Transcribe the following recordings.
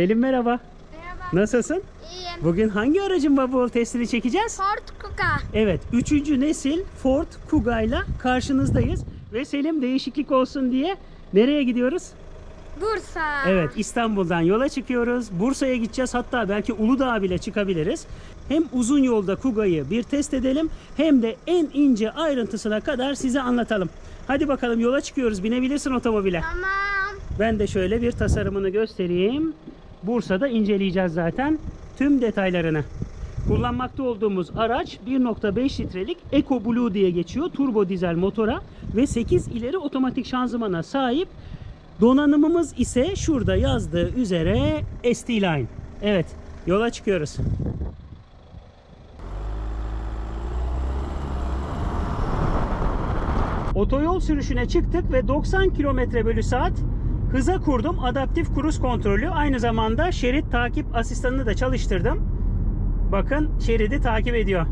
Pelin merhaba. Merhaba. Nasılsın? İyiyim. Bugün hangi aracın bubble testini çekeceğiz? Ford Kuga. Evet. Üçüncü nesil Ford Kuga ile karşınızdayız. Ve Selim değişiklik olsun diye nereye gidiyoruz? Bursa. Evet İstanbul'dan yola çıkıyoruz. Bursa'ya gideceğiz hatta belki Uludağ'a bile çıkabiliriz. Hem uzun yolda Kuga'yı bir test edelim hem de en ince ayrıntısına kadar size anlatalım. Hadi bakalım yola çıkıyoruz binebilirsin otomobile. Tamam. Ben de şöyle bir tasarımını göstereyim. Bursa'da inceleyeceğiz zaten tüm detaylarını. Kullanmakta olduğumuz araç 1.5 litrelik Eco Blue diye geçiyor. Turbo dizel motora ve 8 ileri otomatik şanzımana sahip. Donanımımız ise şurada yazdığı üzere ST-Line. Evet, yola çıkıyoruz. Otoyol sürüşüne çıktık ve 90 km bölü saat Hıza kurdum. Adaptif kruz kontrolü. Aynı zamanda şerit takip asistanını da çalıştırdım. Bakın şeridi takip ediyor.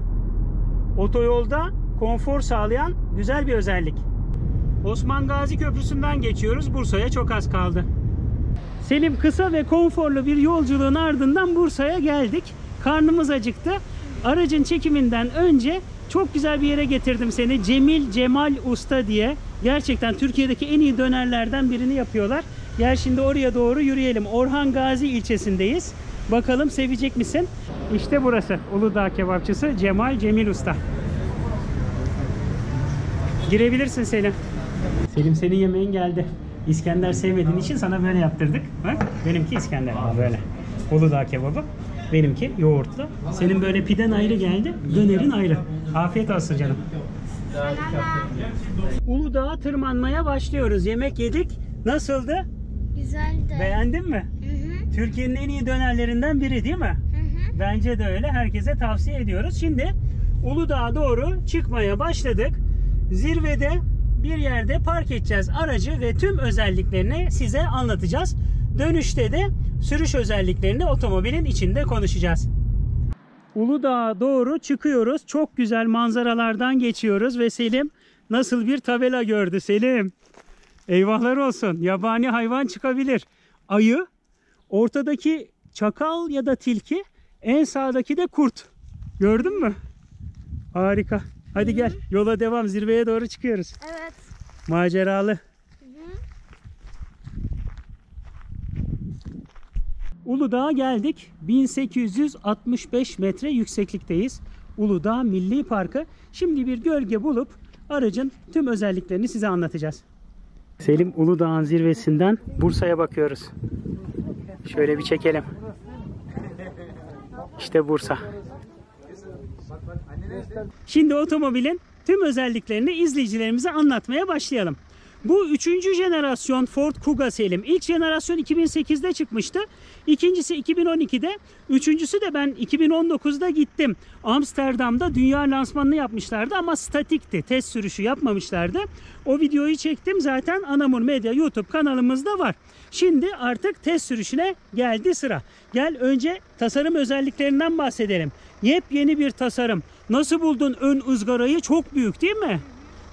Otoyolda konfor sağlayan güzel bir özellik. Osman Gazi Köprüsü'nden geçiyoruz. Bursa'ya çok az kaldı. Selim kısa ve konforlu bir yolculuğun ardından Bursa'ya geldik. Karnımız acıktı. Aracın çekiminden önce çok güzel bir yere getirdim seni. Cemil Cemal Usta diye Gerçekten Türkiye'deki en iyi dönerlerden birini yapıyorlar. Gel şimdi oraya doğru yürüyelim. Orhan Gazi ilçesindeyiz. Bakalım sevecek misin? İşte burası Uludağ kebapçısı Cemal Cemil Usta. Girebilirsin Selim. Selim senin yemeğin geldi. İskender sevmediğin için sana böyle yaptırdık. Bak benimki İskender Aa, böyle. Uludağ kebabı. Benimki yoğurtlu. Senin böyle piden ayrı geldi. Dönerin ayrı. Afiyet olsun canım. Uludağ'a tırmanmaya başlıyoruz. Yemek yedik. Nasıldı? Güzeldi. Beğendin mi? Türkiye'nin en iyi dönerlerinden biri değil mi? Hı hı. Bence de öyle. Herkese tavsiye ediyoruz. Şimdi Uludağ'a doğru çıkmaya başladık. Zirvede bir yerde park edeceğiz aracı ve tüm özelliklerini size anlatacağız. Dönüşte de sürüş özelliklerini otomobilin içinde konuşacağız. Uludağ'a doğru çıkıyoruz. Çok güzel manzaralardan geçiyoruz ve Selim nasıl bir tabela gördü Selim. Eyvahlar olsun. Yabani hayvan çıkabilir. Ayı, ortadaki çakal ya da tilki, en sağdaki de kurt. Gördün mü? Harika. Hadi gel. Yola devam. Zirveye doğru çıkıyoruz. Evet. Maceralı. Uludağ'a geldik. 1865 metre yükseklikteyiz. Uludağ Milli Parkı. Şimdi bir gölge bulup aracın tüm özelliklerini size anlatacağız. Selim Uludağ'ın zirvesinden Bursa'ya bakıyoruz. Şöyle bir çekelim. İşte Bursa. Şimdi otomobilin tüm özelliklerini izleyicilerimize anlatmaya başlayalım. Bu üçüncü jenerasyon Ford Kuga Selim. İlk jenerasyon 2008'de çıkmıştı. İkincisi 2012'de. Üçüncüsü de ben 2019'da gittim. Amsterdam'da dünya lansmanını yapmışlardı ama statikti. Test sürüşü yapmamışlardı. O videoyu çektim zaten Anamur Medya YouTube kanalımızda var. Şimdi artık test sürüşüne geldi sıra. Gel önce tasarım özelliklerinden bahsedelim. Yepyeni bir tasarım. Nasıl buldun ön ızgarayı? Çok büyük değil mi?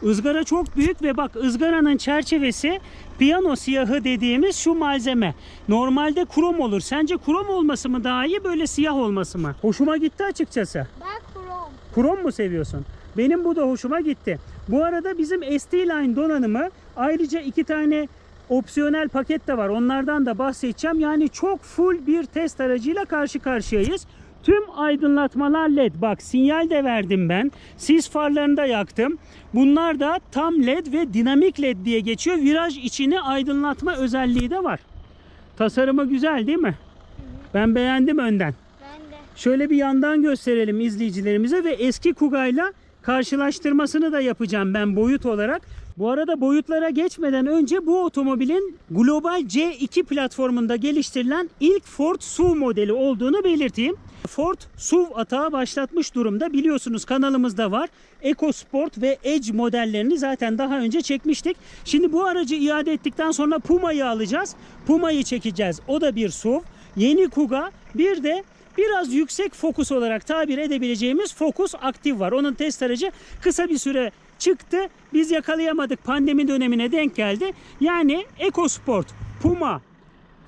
ızgara çok büyük ve bak ızgaranın çerçevesi piyano siyahı dediğimiz şu malzeme. Normalde krom olur. Sence krom olması mı daha iyi böyle siyah olması mı? Hoşuma gitti açıkçası. Ben krom. Krom mu seviyorsun? Benim bu da hoşuma gitti. Bu arada bizim ST-Line donanımı ayrıca iki tane opsiyonel paket de var. Onlardan da bahsedeceğim. Yani çok full bir test aracıyla karşı karşıyayız. Tüm aydınlatmalar led. Bak sinyal de verdim ben. Sis farlarını da yaktım. Bunlar da tam led ve dinamik led diye geçiyor. Viraj içini aydınlatma özelliği de var. Tasarımı güzel değil mi? Hı hı. Ben beğendim önden. Ben de. Şöyle bir yandan gösterelim izleyicilerimize ve eski Kuga'yla karşılaştırmasını da yapacağım ben boyut olarak. Bu arada boyutlara geçmeden önce bu otomobilin Global C2 platformunda geliştirilen ilk Ford SUV modeli olduğunu belirteyim. Ford SUV atağı başlatmış durumda. Biliyorsunuz kanalımızda var. EcoSport ve Edge modellerini zaten daha önce çekmiştik. Şimdi bu aracı iade ettikten sonra Puma'yı alacağız. Puma'yı çekeceğiz. O da bir SUV. Yeni Kuga bir de biraz yüksek fokus olarak tabir edebileceğimiz Focus Active var. Onun test aracı kısa bir süre çıktı. Biz yakalayamadık. Pandemi dönemine denk geldi. Yani EcoSport, Puma,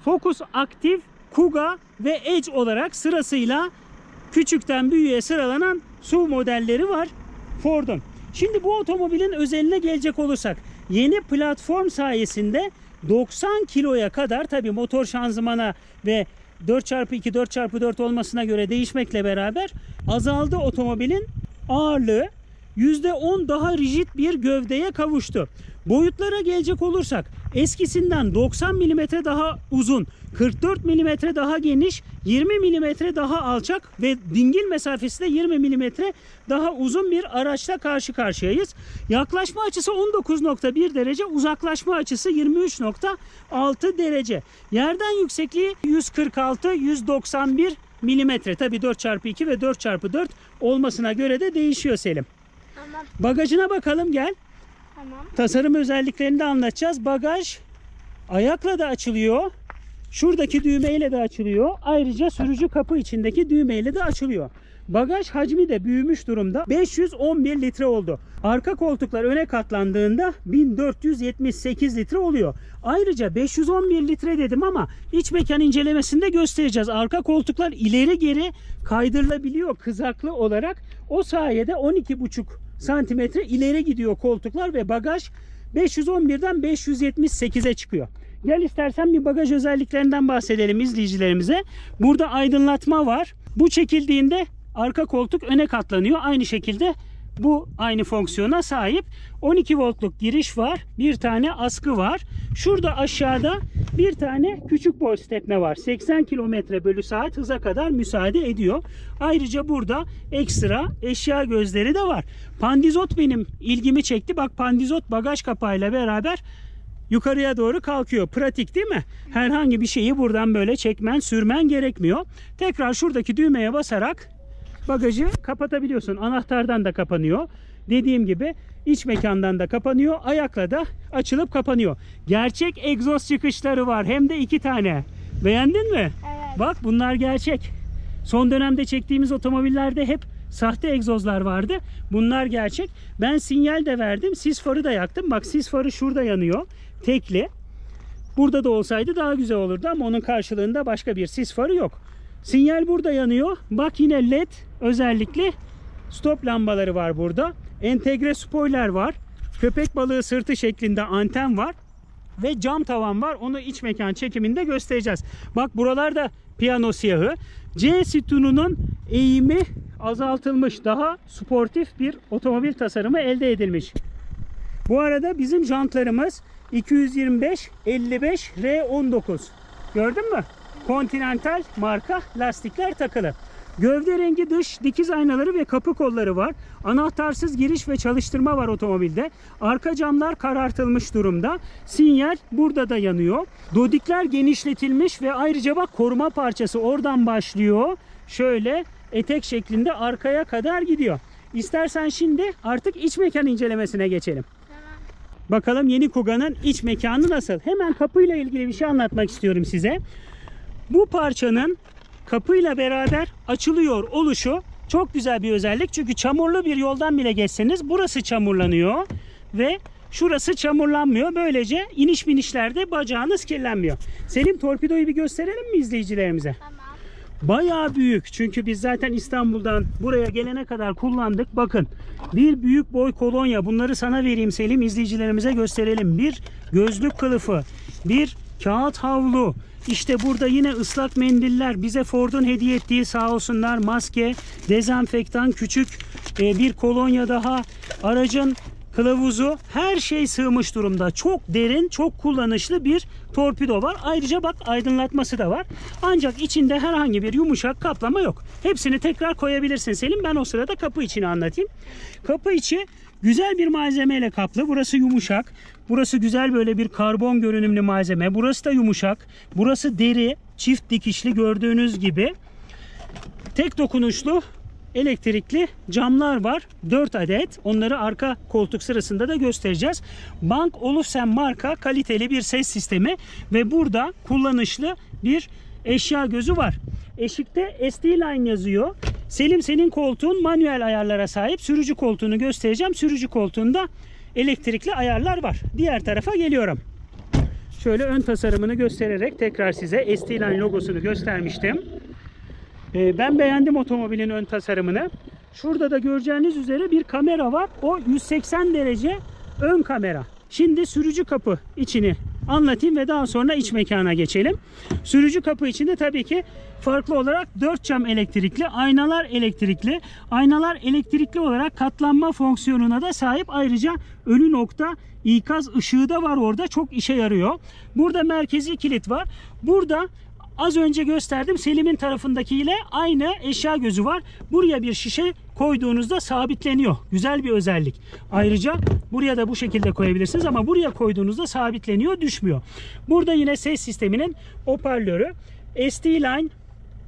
Focus Active, Kuga ve Edge olarak sırasıyla küçükten büyüğe sıralanan SUV modelleri var Ford'un. Şimdi bu otomobilin özeline gelecek olursak yeni platform sayesinde 90 kiloya kadar tabi motor şanzımana ve 4x2 4x4 olmasına göre değişmekle beraber azaldı otomobilin ağırlığı %10 daha rigid bir gövdeye kavuştu. Boyutlara gelecek olursak eskisinden 90 mm daha uzun, 44 mm daha geniş, 20 mm daha alçak ve dingil mesafesi de 20 mm daha uzun bir araçla karşı karşıyayız. Yaklaşma açısı 19.1 derece, uzaklaşma açısı 23.6 derece. Yerden yüksekliği 146, 191 milimetre. Tabii 4 çarpı 2 ve 4 çarpı 4 olmasına göre de değişiyor Selim. Bagajına bakalım gel. Tamam. Tasarım özelliklerini de anlatacağız. Bagaj ayakla da açılıyor. Şuradaki düğmeyle de açılıyor. Ayrıca sürücü kapı içindeki düğmeyle de açılıyor. Bagaj hacmi de büyümüş durumda. 511 litre oldu. Arka koltuklar öne katlandığında 1478 litre oluyor. Ayrıca 511 litre dedim ama iç mekan incelemesinde göstereceğiz. Arka koltuklar ileri geri kaydırılabiliyor kızaklı olarak. O sayede 12,5 santimetre ileri gidiyor koltuklar ve bagaj 511'den 578'e çıkıyor. Gel istersen bir bagaj özelliklerinden bahsedelim izleyicilerimize. Burada aydınlatma var. Bu çekildiğinde arka koltuk öne katlanıyor. Aynı şekilde bu aynı fonksiyona sahip. 12 voltluk giriş var. Bir tane askı var. Şurada aşağıda bir tane küçük boy stepne var. 80 km bölü saat hıza kadar müsaade ediyor. Ayrıca burada ekstra eşya gözleri de var. Pandizot benim ilgimi çekti. Bak pandizot bagaj kapağıyla beraber yukarıya doğru kalkıyor. Pratik değil mi? Herhangi bir şeyi buradan böyle çekmen, sürmen gerekmiyor. Tekrar şuradaki düğmeye basarak bagajı kapatabiliyorsun. Anahtardan da kapanıyor. Dediğim gibi iç mekandan da kapanıyor. Ayakla da açılıp kapanıyor. Gerçek egzoz çıkışları var. Hem de iki tane. Beğendin mi? Evet. Bak bunlar gerçek. Son dönemde çektiğimiz otomobillerde hep sahte egzozlar vardı. Bunlar gerçek. Ben sinyal de verdim. Sis farı da yaktım. Bak sis farı şurada yanıyor. Tekli. Burada da olsaydı daha güzel olurdu ama onun karşılığında başka bir sis farı yok. Sinyal burada yanıyor. Bak yine led özellikle stop lambaları var burada entegre spoiler var. Köpek balığı sırtı şeklinde anten var. Ve cam tavan var. Onu iç mekan çekiminde göstereceğiz. Bak buralarda piyano siyahı. C sütununun eğimi azaltılmış. Daha sportif bir otomobil tasarımı elde edilmiş. Bu arada bizim jantlarımız 225 55 R19. Gördün mü? Continental marka lastikler takılı. Gövde rengi dış dikiz aynaları ve kapı kolları var. Anahtarsız giriş ve çalıştırma var otomobilde. Arka camlar karartılmış durumda. Sinyal burada da yanıyor. Dodikler genişletilmiş ve ayrıca bak koruma parçası oradan başlıyor. Şöyle etek şeklinde arkaya kadar gidiyor. İstersen şimdi artık iç mekan incelemesine geçelim. Bakalım yeni Kuga'nın iç mekanı nasıl? Hemen kapıyla ilgili bir şey anlatmak istiyorum size. Bu parçanın kapıyla beraber açılıyor oluşu çok güzel bir özellik. Çünkü çamurlu bir yoldan bile geçseniz burası çamurlanıyor ve şurası çamurlanmıyor. Böylece iniş binişlerde bacağınız kirlenmiyor. Selim torpidoyu bir gösterelim mi izleyicilerimize? Tamam. Bayağı büyük. Çünkü biz zaten İstanbul'dan buraya gelene kadar kullandık. Bakın bir büyük boy kolonya. Bunları sana vereyim Selim. izleyicilerimize gösterelim. Bir gözlük kılıfı, bir kağıt havlu, işte burada yine ıslak mendiller bize Ford'un hediye ettiği sağ olsunlar maske, dezenfektan, küçük e, bir kolonya daha aracın kılavuzu her şey sığmış durumda. Çok derin, çok kullanışlı bir torpido var. Ayrıca bak aydınlatması da var. Ancak içinde herhangi bir yumuşak kaplama yok. Hepsini tekrar koyabilirsin Selim. Ben o sırada kapı içini anlatayım. Kapı içi güzel bir malzemeyle kaplı. Burası yumuşak. Burası güzel böyle bir karbon görünümlü malzeme. Burası da yumuşak. Burası deri. Çift dikişli gördüğünüz gibi. Tek dokunuşlu elektrikli camlar var. 4 adet. Onları arka koltuk sırasında da göstereceğiz. Bank Olufsen marka kaliteli bir ses sistemi ve burada kullanışlı bir eşya gözü var. Eşikte SD Line yazıyor. Selim senin koltuğun manuel ayarlara sahip. Sürücü koltuğunu göstereceğim. Sürücü koltuğunda elektrikli ayarlar var. Diğer tarafa geliyorum. Şöyle ön tasarımını göstererek tekrar size ST-Line logosunu göstermiştim. Ee, ben beğendim otomobilin ön tasarımını. Şurada da göreceğiniz üzere bir kamera var. O 180 derece ön kamera. Şimdi sürücü kapı içini anlatayım ve daha sonra iç mekana geçelim. Sürücü kapı içinde tabii ki farklı olarak 4 cam elektrikli, aynalar elektrikli. Aynalar elektrikli olarak katlanma fonksiyonuna da sahip. Ayrıca ölü nokta ikaz ışığı da var orada. Çok işe yarıyor. Burada merkezi kilit var. Burada Az önce gösterdim Selim'in tarafındakiyle aynı eşya gözü var. Buraya bir şişe koyduğunuzda sabitleniyor. Güzel bir özellik. Ayrıca buraya da bu şekilde koyabilirsiniz ama buraya koyduğunuzda sabitleniyor, düşmüyor. Burada yine ses sisteminin hoparlörü. ST-Line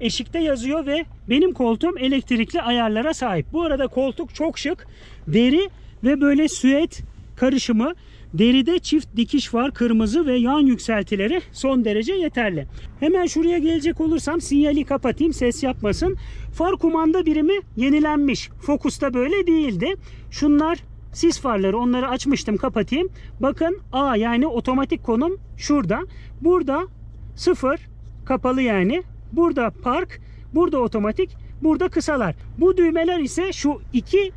eşikte yazıyor ve benim koltuğum elektrikli ayarlara sahip. Bu arada koltuk çok şık. Deri ve böyle süet karışımı Deride çift dikiş var kırmızı ve yan yükseltileri son derece yeterli. Hemen şuraya gelecek olursam sinyali kapatayım ses yapmasın. Far kumanda birimi yenilenmiş. Focus'ta böyle değildi. Şunlar sis farları onları açmıştım kapatayım. Bakın A yani otomatik konum şurada. Burada sıfır kapalı yani. Burada park, burada otomatik, burada kısalar. Bu düğmeler ise şu iki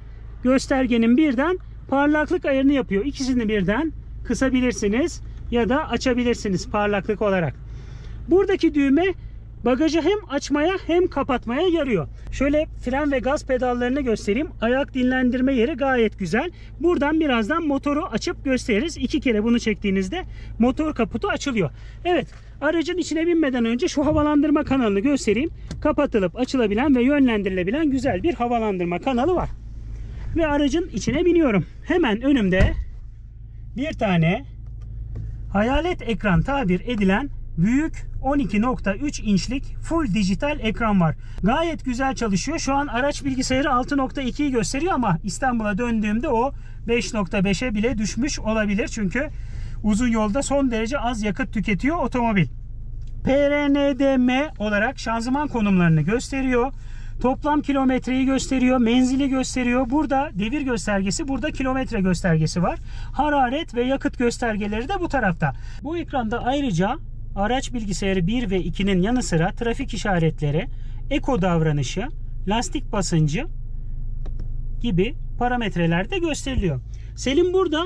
göstergenin birden parlaklık ayarını yapıyor. İkisini birden kısabilirsiniz ya da açabilirsiniz parlaklık olarak. Buradaki düğme bagajı hem açmaya hem kapatmaya yarıyor. Şöyle fren ve gaz pedallarını göstereyim. Ayak dinlendirme yeri gayet güzel. Buradan birazdan motoru açıp gösteririz. İki kere bunu çektiğinizde motor kaputu açılıyor. Evet aracın içine binmeden önce şu havalandırma kanalını göstereyim. Kapatılıp açılabilen ve yönlendirilebilen güzel bir havalandırma kanalı var. Ve aracın içine biniyorum. Hemen önümde bir tane hayalet ekran tabir edilen büyük 12.3 inçlik full dijital ekran var. Gayet güzel çalışıyor. Şu an araç bilgisayarı 6.2'yi gösteriyor ama İstanbul'a döndüğümde o 5.5'e bile düşmüş olabilir. Çünkü uzun yolda son derece az yakıt tüketiyor otomobil. PRNDM olarak şanzıman konumlarını gösteriyor. Toplam kilometreyi gösteriyor, menzili gösteriyor. Burada devir göstergesi, burada kilometre göstergesi var. Hararet ve yakıt göstergeleri de bu tarafta. Bu ekranda ayrıca araç bilgisayarı 1 ve 2'nin yanı sıra trafik işaretleri, eko davranışı, lastik basıncı gibi parametreler de gösteriliyor. Selim burada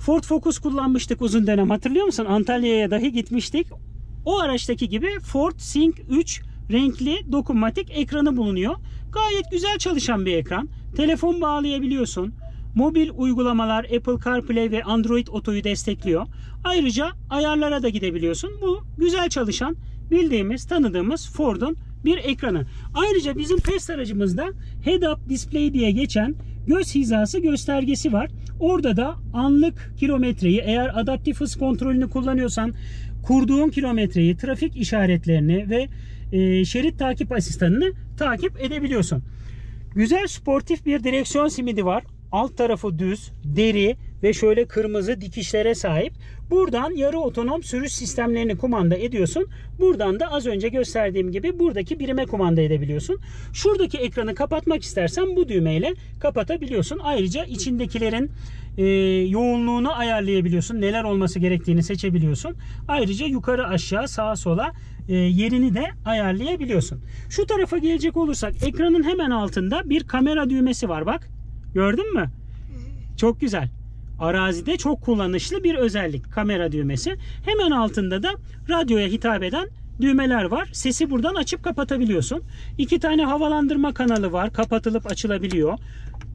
Ford Focus kullanmıştık uzun dönem hatırlıyor musun? Antalya'ya dahi gitmiştik. O araçtaki gibi Ford Sync 3 renkli dokunmatik ekranı bulunuyor. Gayet güzel çalışan bir ekran. Telefon bağlayabiliyorsun. Mobil uygulamalar Apple CarPlay ve Android Auto'yu destekliyor. Ayrıca ayarlara da gidebiliyorsun. Bu güzel çalışan bildiğimiz, tanıdığımız Ford'un bir ekranı. Ayrıca bizim test aracımızda head-up display diye geçen göz hizası göstergesi var. Orada da anlık kilometreyi eğer adaptif hız kontrolünü kullanıyorsan kurduğun kilometreyi, trafik işaretlerini ve e, şerit takip asistanını takip edebiliyorsun. Güzel sportif bir direksiyon simidi var. Alt tarafı düz, deri ve şöyle kırmızı dikişlere sahip. Buradan yarı otonom sürüş sistemlerini kumanda ediyorsun. Buradan da az önce gösterdiğim gibi buradaki birime kumanda edebiliyorsun. Şuradaki ekranı kapatmak istersen bu düğmeyle kapatabiliyorsun. Ayrıca içindekilerin e, yoğunluğunu ayarlayabiliyorsun. Neler olması gerektiğini seçebiliyorsun. Ayrıca yukarı aşağı sağa sola e, yerini de ayarlayabiliyorsun. Şu tarafa gelecek olursak ekranın hemen altında bir kamera düğmesi var bak. Gördün mü? Çok güzel. Arazide çok kullanışlı bir özellik kamera düğmesi. Hemen altında da radyoya hitap eden düğmeler var. Sesi buradan açıp kapatabiliyorsun. İki tane havalandırma kanalı var. Kapatılıp açılabiliyor.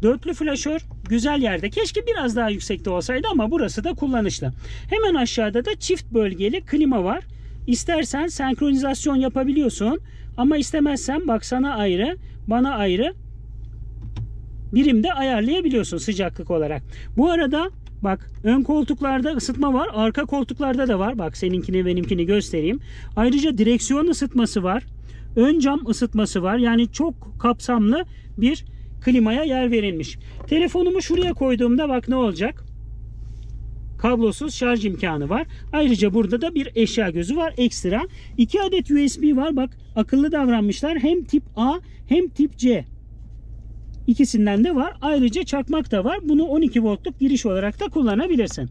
Dörtlü flaşör güzel yerde. Keşke biraz daha yüksekte olsaydı ama burası da kullanışlı. Hemen aşağıda da çift bölgeli klima var. İstersen senkronizasyon yapabiliyorsun ama istemezsen bak sana ayrı, bana ayrı birimde ayarlayabiliyorsun sıcaklık olarak. Bu arada Bak ön koltuklarda ısıtma var. Arka koltuklarda da var. Bak seninkini benimkini göstereyim. Ayrıca direksiyon ısıtması var. Ön cam ısıtması var. Yani çok kapsamlı bir klimaya yer verilmiş. Telefonumu şuraya koyduğumda bak ne olacak? kablosuz şarj imkanı var. Ayrıca burada da bir eşya gözü var ekstra. 2 adet USB var. Bak akıllı davranmışlar. Hem tip A hem tip C. İkisinden de var. Ayrıca çakmak da var. Bunu 12 voltluk giriş olarak da kullanabilirsin.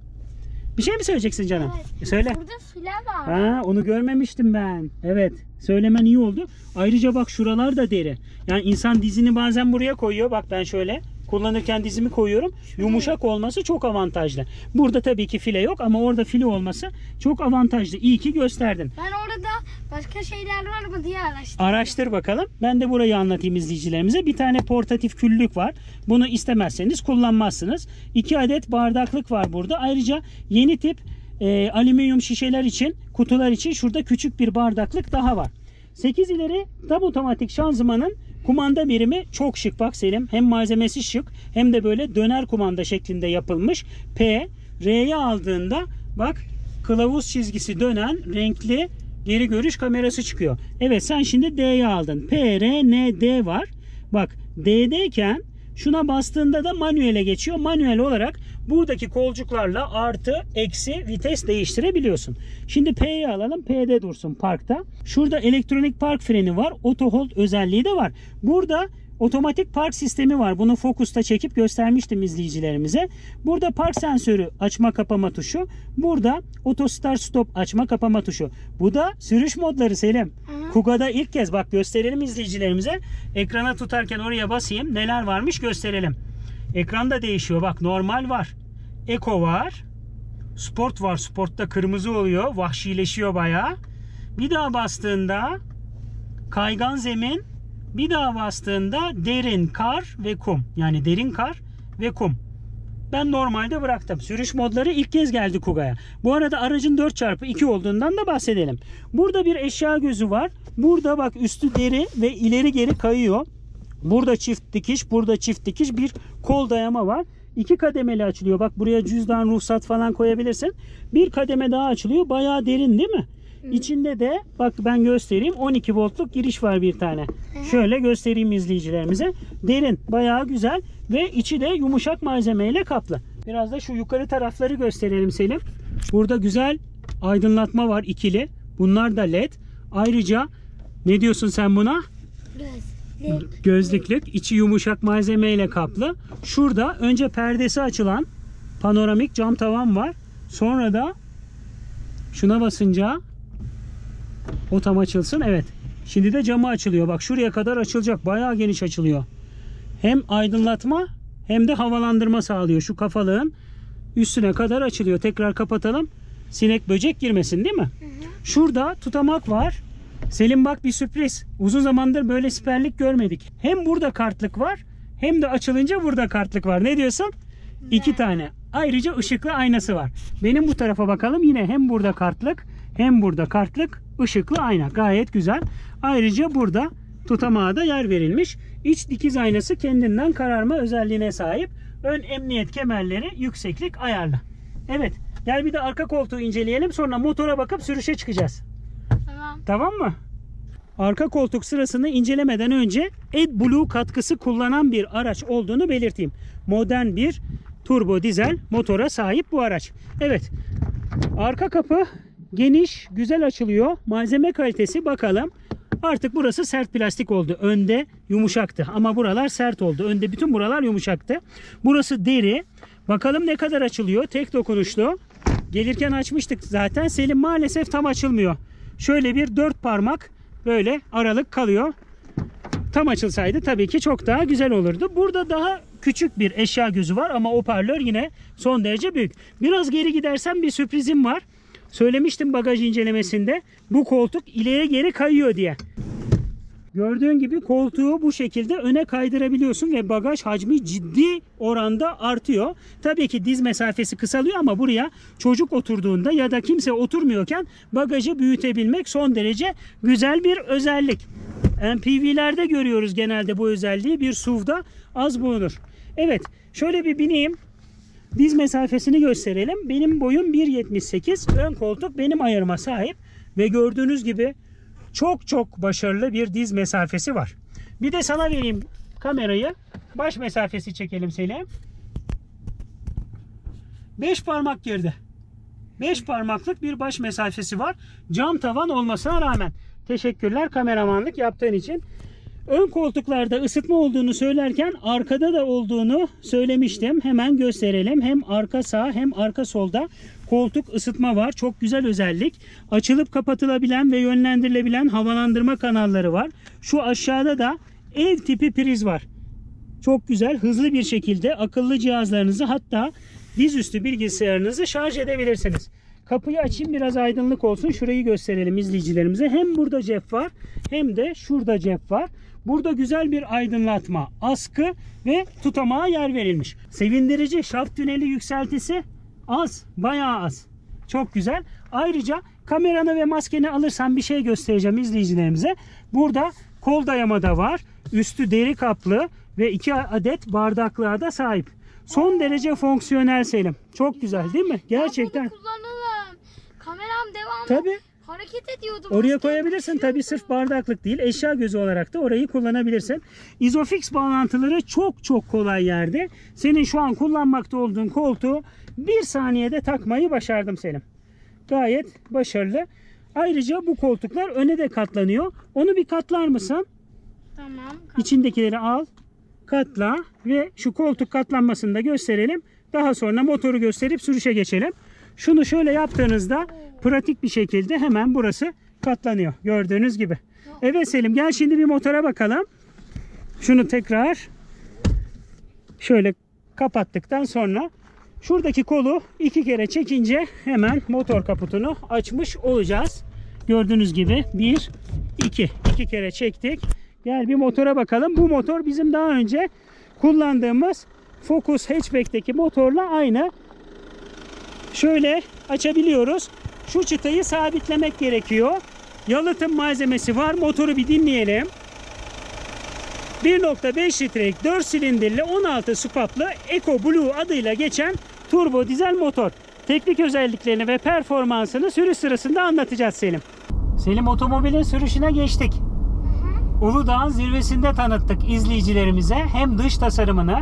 Bir şey mi söyleyeceksin canım? Evet. E, söyle. Burada file var. Ha, onu görmemiştim ben. Evet. Söylemen iyi oldu. Ayrıca bak şuralar da deri. Yani insan dizini bazen buraya koyuyor. Bak ben şöyle kullanırken dizimi koyuyorum. Yumuşak olması çok avantajlı. Burada tabii ki file yok ama orada file olması çok avantajlı. İyi ki gösterdin. Ben orada başka şeyler var mı diye araştırdım. Araştır bakalım. Ben de burayı anlatayım izleyicilerimize. Bir tane portatif küllük var. Bunu istemezseniz kullanmazsınız. İki adet bardaklık var burada. Ayrıca yeni tip e, alüminyum şişeler için, kutular için şurada küçük bir bardaklık daha var. 8 ileri tam otomatik şanzımanın Kumanda birimi çok şık bak Selim. Hem malzemesi şık hem de böyle döner kumanda şeklinde yapılmış. P, R'yi aldığında bak kılavuz çizgisi dönen renkli geri görüş kamerası çıkıyor. Evet sen şimdi D'yi aldın. P, R, N, D var. Bak D'deyken Şuna bastığında da manuele geçiyor. Manuel olarak buradaki kolcuklarla artı, eksi, vites değiştirebiliyorsun. Şimdi P'yi alalım. P'de dursun parkta. Şurada elektronik park freni var. Auto hold özelliği de var. Burada Otomatik park sistemi var. Bunu fokusta çekip göstermiştim izleyicilerimize. Burada park sensörü açma kapama tuşu. Burada otostar stop açma kapama tuşu. Bu da sürüş modları Selim. Aha. Kuga'da ilk kez bak gösterelim izleyicilerimize. Ekrana tutarken oraya basayım. Neler varmış gösterelim. Ekranda değişiyor. Bak normal var. Eko var. Sport var. Sportta kırmızı oluyor. Vahşileşiyor bayağı. Bir daha bastığında kaygan zemin bir daha bastığında derin kar ve kum. Yani derin kar ve kum. Ben normalde bıraktım. Sürüş modları ilk kez geldi Kuga'ya. Bu arada aracın 4x2 olduğundan da bahsedelim. Burada bir eşya gözü var. Burada bak üstü deri ve ileri geri kayıyor. Burada çift dikiş, burada çift dikiş bir kol dayama var. İki kademeli açılıyor. Bak buraya cüzdan, ruhsat falan koyabilirsin. Bir kademe daha açılıyor. Bayağı derin değil mi? İçinde de bak ben göstereyim 12 voltluk giriş var bir tane. Şöyle göstereyim izleyicilerimize. Derin bayağı güzel ve içi de yumuşak malzemeyle kaplı. Biraz da şu yukarı tarafları gösterelim Selim. Burada güzel aydınlatma var ikili. Bunlar da led. Ayrıca ne diyorsun sen buna? Gözlüklük. İçi yumuşak malzemeyle kaplı. Şurada önce perdesi açılan panoramik cam tavan var. Sonra da şuna basınca o tam açılsın. Evet. Şimdi de camı açılıyor. Bak şuraya kadar açılacak. Bayağı geniş açılıyor. Hem aydınlatma hem de havalandırma sağlıyor. Şu kafalığın üstüne kadar açılıyor. Tekrar kapatalım. Sinek böcek girmesin değil mi? Hı hı. Şurada tutamak var. Selim bak bir sürpriz. Uzun zamandır böyle siperlik görmedik. Hem burada kartlık var hem de açılınca burada kartlık var. Ne diyorsun? İki tane. Ayrıca ışıklı aynası var. Benim bu tarafa bakalım. Yine hem burada kartlık hem burada kartlık ışıklı ayna. Gayet güzel. Ayrıca burada tutamağa da yer verilmiş. İç dikiz aynası kendinden kararma özelliğine sahip. Ön emniyet kemerleri yükseklik ayarlı. Evet. Gel bir de arka koltuğu inceleyelim. Sonra motora bakıp sürüşe çıkacağız. Tamam. Tamam mı? Arka koltuk sırasını incelemeden önce AdBlue katkısı kullanan bir araç olduğunu belirteyim. Modern bir turbo dizel motora sahip bu araç. Evet. Arka kapı Geniş, güzel açılıyor. Malzeme kalitesi bakalım. Artık burası sert plastik oldu. Önde yumuşaktı ama buralar sert oldu. Önde bütün buralar yumuşaktı. Burası deri. Bakalım ne kadar açılıyor. Tek dokunuşlu. Gelirken açmıştık zaten. Selim maalesef tam açılmıyor. Şöyle bir dört parmak böyle aralık kalıyor. Tam açılsaydı tabii ki çok daha güzel olurdu. Burada daha küçük bir eşya gözü var ama hoparlör yine son derece büyük. Biraz geri gidersem bir sürprizim var. Söylemiştim bagaj incelemesinde bu koltuk ileri geri kayıyor diye. Gördüğün gibi koltuğu bu şekilde öne kaydırabiliyorsun ve bagaj hacmi ciddi oranda artıyor. Tabii ki diz mesafesi kısalıyor ama buraya çocuk oturduğunda ya da kimse oturmuyorken bagajı büyütebilmek son derece güzel bir özellik. MPV'lerde görüyoruz genelde bu özelliği bir SUV'da az bulunur. Evet şöyle bir bineyim. Diz mesafesini gösterelim. Benim boyum 1.78. Ön koltuk benim ayarıma sahip. Ve gördüğünüz gibi çok çok başarılı bir diz mesafesi var. Bir de sana vereyim kamerayı. Baş mesafesi çekelim Selim. 5 parmak girdi. 5 parmaklık bir baş mesafesi var. Cam tavan olmasına rağmen. Teşekkürler kameramanlık yaptığın için. Ön koltuklarda ısıtma olduğunu söylerken arkada da olduğunu söylemiştim. Hemen gösterelim. Hem arka sağ hem arka solda koltuk ısıtma var. Çok güzel özellik. Açılıp kapatılabilen ve yönlendirilebilen havalandırma kanalları var. Şu aşağıda da ev tipi priz var. Çok güzel hızlı bir şekilde akıllı cihazlarınızı hatta dizüstü bilgisayarınızı şarj edebilirsiniz. Kapıyı açayım biraz aydınlık olsun. Şurayı gösterelim izleyicilerimize. Hem burada cep var hem de şurada cep var. Burada güzel bir aydınlatma, askı ve tutamağa yer verilmiş. Sevindirici şaft tüneli yükseltisi az, bayağı az. Çok güzel. Ayrıca kameranı ve maskeni alırsan bir şey göstereceğim izleyicilerimize. Burada kol dayama da var. Üstü deri kaplı ve iki adet bardaklığa da sahip. Son derece fonksiyonel Selim. Çok güzel değil mi? Gerçekten. Ben bunu kullanırım. Kameram devamlı. Tabii. Hareket ediyordum. Oraya koyabilirsin tabi sırf bardaklık değil eşya gözü olarak da orayı kullanabilirsin. Isofix bağlantıları çok çok kolay yerde. Senin şu an kullanmakta olduğun koltuğu bir saniyede takmayı başardım Selim. Gayet başarılı. Ayrıca bu koltuklar öne de katlanıyor. Onu bir katlar mısın? Tamam. Katla. İçindekileri al, katla ve şu koltuk katlanmasını da gösterelim. Daha sonra motoru gösterip sürüşe geçelim. Şunu şöyle yaptığınızda pratik bir şekilde hemen burası katlanıyor. Gördüğünüz gibi. Evet Selim gel şimdi bir motora bakalım. Şunu tekrar şöyle kapattıktan sonra şuradaki kolu iki kere çekince hemen motor kaputunu açmış olacağız. Gördüğünüz gibi bir, iki. iki kere çektik. Gel bir motora bakalım. Bu motor bizim daha önce kullandığımız Focus Hatchback'teki motorla aynı şöyle açabiliyoruz. Şu çıtayı sabitlemek gerekiyor. Yalıtım malzemesi var. Motoru bir dinleyelim. 1.5 litrelik 4 silindirli 16 supaplı Eco Blue adıyla geçen turbo dizel motor. Teknik özelliklerini ve performansını sürüş sırasında anlatacağız Selim. Selim otomobilin sürüşüne geçtik. Uludağ'ın zirvesinde tanıttık izleyicilerimize hem dış tasarımını,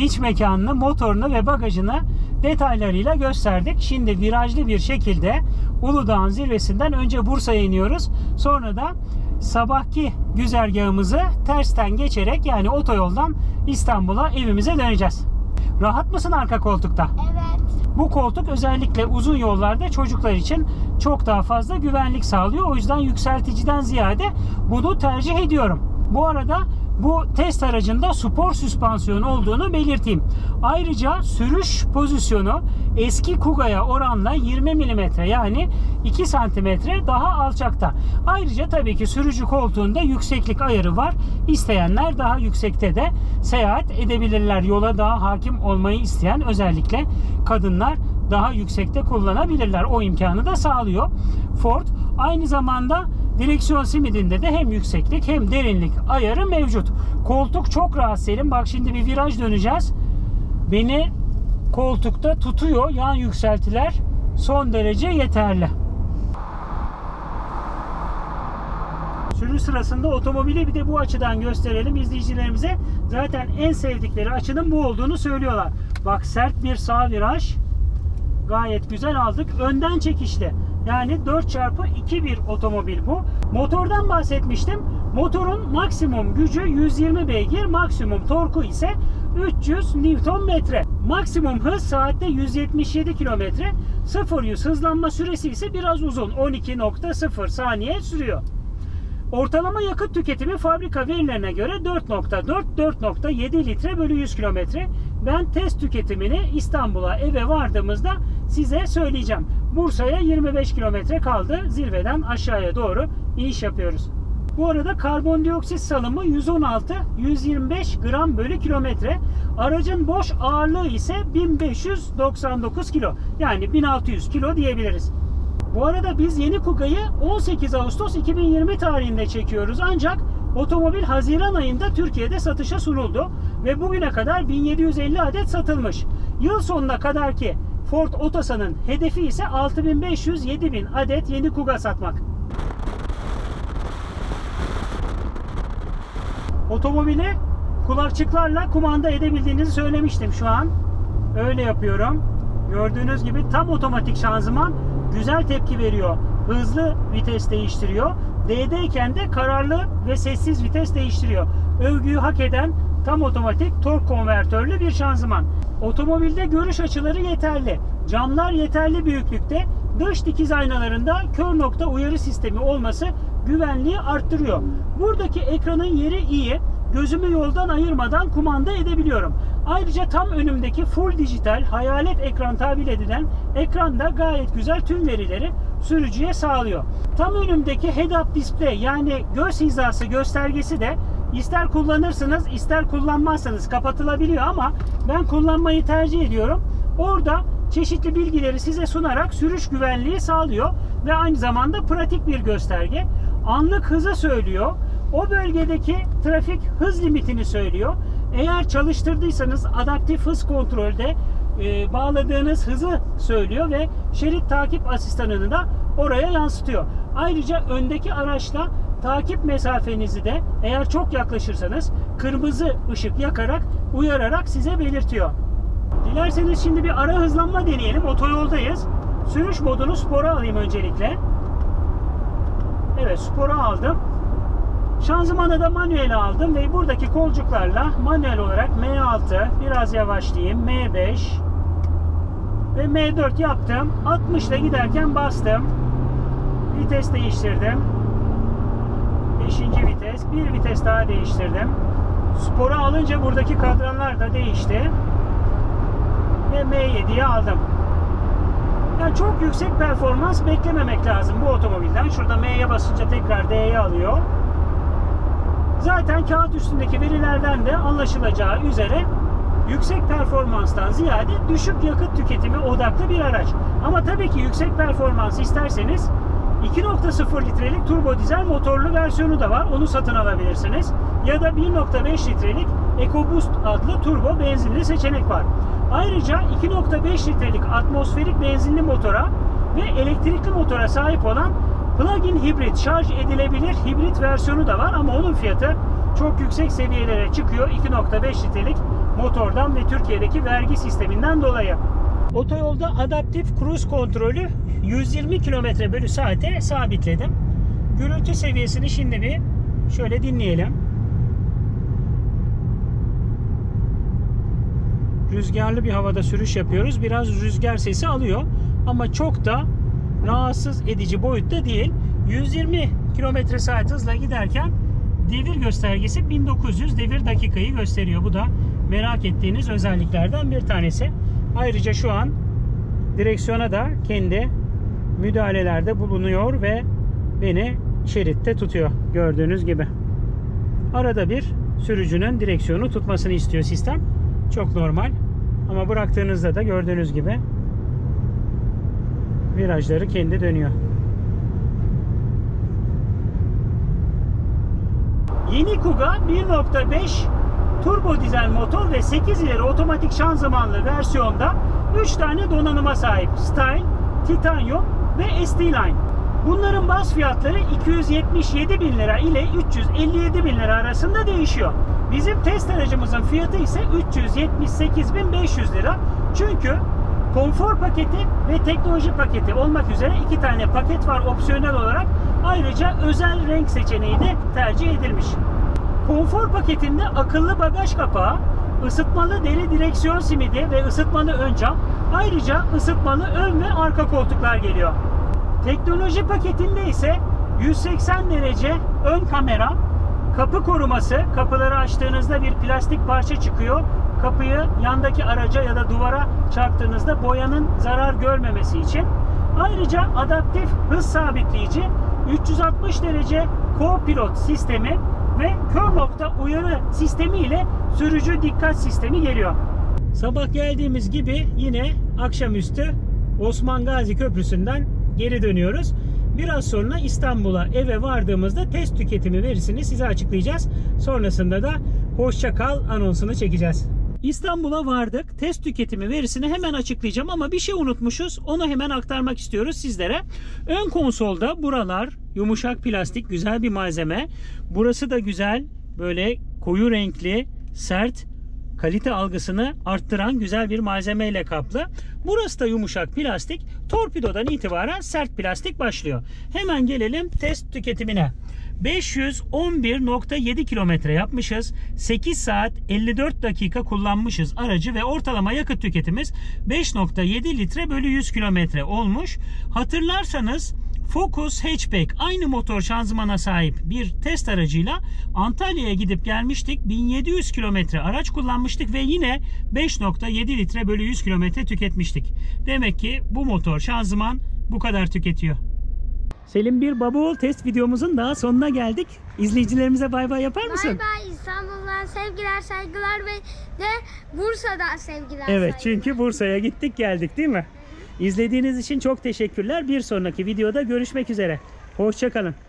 iç mekanını, motorunu ve bagajını detaylarıyla gösterdik. Şimdi virajlı bir şekilde Uludağ'ın zirvesinden önce Bursa'ya iniyoruz. Sonra da sabahki güzergahımızı tersten geçerek yani otoyoldan İstanbul'a evimize döneceğiz. Rahat mısın arka koltukta? Evet. Bu koltuk özellikle uzun yollarda çocuklar için çok daha fazla güvenlik sağlıyor. O yüzden yükselticiden ziyade bunu tercih ediyorum. Bu arada bu test aracında spor süspansiyon olduğunu belirteyim. Ayrıca sürüş pozisyonu eski Kuga'ya oranla 20 mm yani 2 cm daha alçakta. Ayrıca tabii ki sürücü koltuğunda yükseklik ayarı var. İsteyenler daha yüksekte de seyahat edebilirler. Yola daha hakim olmayı isteyen özellikle kadınlar daha yüksekte kullanabilirler. O imkanı da sağlıyor. Ford aynı zamanda Direksiyon simidinde de hem yükseklik hem derinlik ayarı mevcut. Koltuk çok rahat Selim. Bak şimdi bir viraj döneceğiz. Beni koltukta tutuyor. Yan yükseltiler son derece yeterli. Sürü sırasında otomobili bir de bu açıdan gösterelim izleyicilerimize. Zaten en sevdikleri açının bu olduğunu söylüyorlar. Bak sert bir sağ viraj. Gayet güzel aldık. Önden çekişli. Yani 4 çarpı 2 bir otomobil bu. Motordan bahsetmiştim. Motorun maksimum gücü 120 beygir, maksimum torku ise 300 Nm. Maksimum hız saatte 177 km. 0-100 hızlanma süresi ise biraz uzun. 12.0 saniye sürüyor. Ortalama yakıt tüketimi fabrika verilerine göre 4.4-4.7 litre bölü 100 kilometre. Ben test tüketimini İstanbul'a eve vardığımızda size söyleyeceğim. Bursa'ya 25 kilometre kaldı. Zirveden aşağıya doğru iniş yapıyoruz. Bu arada karbondioksit salımı 116-125 gram bölü kilometre. Aracın boş ağırlığı ise 1599 kilo. Yani 1600 kilo diyebiliriz. Bu arada biz yeni Kuga'yı 18 Ağustos 2020 tarihinde çekiyoruz. Ancak otomobil Haziran ayında Türkiye'de satışa sunuldu. Ve bugüne kadar 1750 adet satılmış. Yıl sonuna kadar ki Ford Otosan'ın hedefi ise 6500-7000 adet yeni Kuga satmak. Otomobili kulakçıklarla kumanda edebildiğinizi söylemiştim şu an. Öyle yapıyorum. Gördüğünüz gibi tam otomatik şanzıman güzel tepki veriyor. Hızlı vites değiştiriyor. D'deyken de kararlı ve sessiz vites değiştiriyor. Övgüyü hak eden tam otomatik tork konvertörlü bir şanzıman. Otomobilde görüş açıları yeterli. Camlar yeterli büyüklükte. Dış dikiz aynalarında kör nokta uyarı sistemi olması güvenliği arttırıyor. Buradaki ekranın yeri iyi. Gözümü yoldan ayırmadan kumanda edebiliyorum. Ayrıca tam önümdeki full dijital hayalet ekran tabir edilen ekranda gayet güzel tüm verileri sürücüye sağlıyor. Tam önümdeki head-up display yani göz hizası göstergesi de ister kullanırsınız ister kullanmazsanız kapatılabiliyor ama ben kullanmayı tercih ediyorum. Orada çeşitli bilgileri size sunarak sürüş güvenliği sağlıyor ve aynı zamanda pratik bir gösterge. Anlık hızı söylüyor. O bölgedeki trafik hız limitini söylüyor. Eğer çalıştırdıysanız adaptif hız kontrolde e, bağladığınız hızı söylüyor ve şerit takip asistanını da oraya yansıtıyor. Ayrıca öndeki araçla takip mesafenizi de eğer çok yaklaşırsanız kırmızı ışık yakarak uyararak size belirtiyor. Dilerseniz şimdi bir ara hızlanma deneyelim. Otoyoldayız. Sürüş modunu spora alayım öncelikle. Evet spora aldım. Şanzımanı da manuel aldım ve buradaki kolcuklarla manuel olarak M6 biraz yavaşlayayım. M5 ve M4 yaptım. 60 ile giderken bastım. Vites değiştirdim. 5. vites. Bir vites daha değiştirdim. Spora alınca buradaki kadranlar da değişti. Ve M7'yi aldım. Yani çok yüksek performans beklememek lazım bu otomobilden. Şurada M'ye basınca tekrar D'ye alıyor. Zaten kağıt üstündeki verilerden de anlaşılacağı üzere yüksek performanstan ziyade düşük yakıt tüketimi odaklı bir araç. Ama tabii ki yüksek performans isterseniz 2.0 litrelik turbo dizel motorlu versiyonu da var. Onu satın alabilirsiniz. Ya da 1.5 litrelik EcoBoost adlı turbo benzinli seçenek var. Ayrıca 2.5 litrelik atmosferik benzinli motora ve elektrikli motora sahip olan plug-in hibrit şarj edilebilir hibrit versiyonu da var ama onun fiyatı çok yüksek seviyelere çıkıyor. 2.5 litrelik motordan ve Türkiye'deki vergi sisteminden dolayı. Otoyolda adaptif kruz kontrolü 120 km bölü saate sabitledim. Gürültü seviyesini şimdi bir şöyle dinleyelim. Rüzgarlı bir havada sürüş yapıyoruz. Biraz rüzgar sesi alıyor ama çok da rahatsız edici boyutta değil. 120 km saat hızla giderken devir göstergesi 1900 devir dakikayı gösteriyor. Bu da merak ettiğiniz özelliklerden bir tanesi. Ayrıca şu an direksiyona da kendi müdahalelerde bulunuyor ve beni şeritte tutuyor gördüğünüz gibi. Arada bir sürücünün direksiyonu tutmasını istiyor sistem. Çok normal. Ama bıraktığınızda da gördüğünüz gibi virajları kendi dönüyor. Yeni Kuga 1.5 turbo dizel motor ve 8 ileri otomatik şanzımanlı versiyonda 3 tane donanıma sahip. Style, Titanium ve ST-Line. Bunların bas fiyatları 277 bin lira ile 357 bin lira arasında değişiyor. Bizim test aracımızın fiyatı ise 378 bin 500 lira. Çünkü konfor paketi ve teknoloji paketi olmak üzere iki tane paket var opsiyonel olarak. Ayrıca özel renk seçeneği de tercih edilmiş. Konfor paketinde akıllı bagaj kapağı, ısıtmalı deri direksiyon simidi ve ısıtmalı ön cam, ayrıca ısıtmalı ön ve arka koltuklar geliyor. Teknoloji paketinde ise 180 derece ön kamera, kapı koruması, kapıları açtığınızda bir plastik parça çıkıyor. Kapıyı yandaki araca ya da duvara çarptığınızda boyanın zarar görmemesi için. Ayrıca adaptif hız sabitleyici, 360 derece co-pilot sistemi ve kör nokta uyarı sistemi ile sürücü dikkat sistemi geliyor. Sabah geldiğimiz gibi yine akşamüstü Osman Gazi Köprüsü'nden geri dönüyoruz. Biraz sonra İstanbul'a eve vardığımızda test tüketimi verisini size açıklayacağız. Sonrasında da hoşça kal anonsunu çekeceğiz. İstanbul'a vardık. Test tüketimi verisini hemen açıklayacağım ama bir şey unutmuşuz. Onu hemen aktarmak istiyoruz sizlere. Ön konsolda buralar yumuşak plastik güzel bir malzeme. Burası da güzel böyle koyu renkli sert kalite algısını arttıran güzel bir malzemeyle kaplı. Burası da yumuşak plastik. Torpidodan itibaren sert plastik başlıyor. Hemen gelelim test tüketimine. 511.7 kilometre yapmışız. 8 saat 54 dakika kullanmışız aracı ve ortalama yakıt tüketimiz 5.7 litre bölü 100 kilometre olmuş. Hatırlarsanız Focus hatchback aynı motor şanzımana sahip bir test aracıyla Antalya'ya gidip gelmiştik. 1700 kilometre araç kullanmıştık ve yine 5.7 litre bölü 100 kilometre tüketmiştik. Demek ki bu motor şanzıman bu kadar tüketiyor. Selim Bir Babaoğul test videomuzun daha sonuna geldik. İzleyicilerimize bay bay yapar mısın? Bay bay İstanbul'dan sevgiler saygılar ve de Bursa'dan sevgiler Evet saygılar. çünkü Bursa'ya gittik geldik değil mi? İzlediğiniz için çok teşekkürler. Bir sonraki videoda görüşmek üzere. Hoşçakalın.